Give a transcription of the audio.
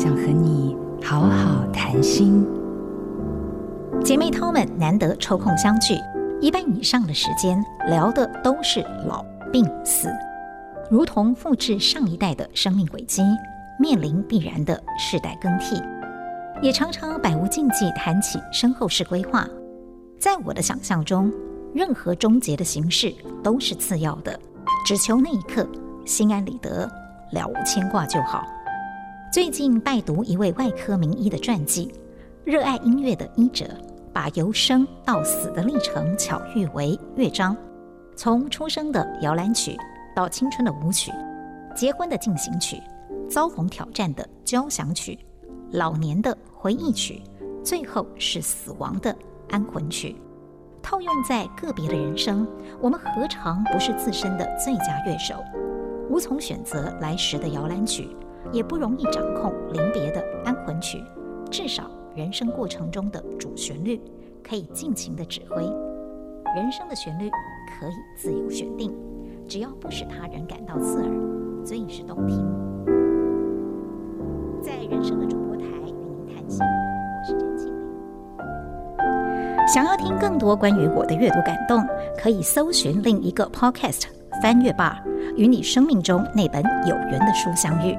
想和你好好談心。姐妹淘們難得抽空相聚，一半以上的時間聊的都是老病死，如同複製上一代的生命軌跡，面臨必然的世代更替，也常常百無禁忌談起身後事規劃。在我的想象中，任何終結的形式都是次要的，只求那一刻心安理得，了無牽掛就好。最近拜讀一位外科名醫的傳記，熱愛音樂的醫者把由生到死的歷程巧喻為樂章，從出生的搖籃曲到青春的舞曲，結婚的進行曲，遭逢挑戰的交響曲，老年的回憶曲，最後是死亡的安魂曲。套用在個別的人生，我們何嘗不是自身的最佳樂手？無從選擇來時的搖籃曲，也不容易掌控臨別的安魂曲，至少人生過程中的主旋律可以盡情的指揮，人生的旋律可以自由選定，只要不使他人感到刺耳，最是動聽。在人生的主播台與您談心，我是詹慶齡。想要聽更多關於我的閱讀感動，可以搜尋另一個 podcast《翻閱吧》，與你生命中那本有緣的書相遇。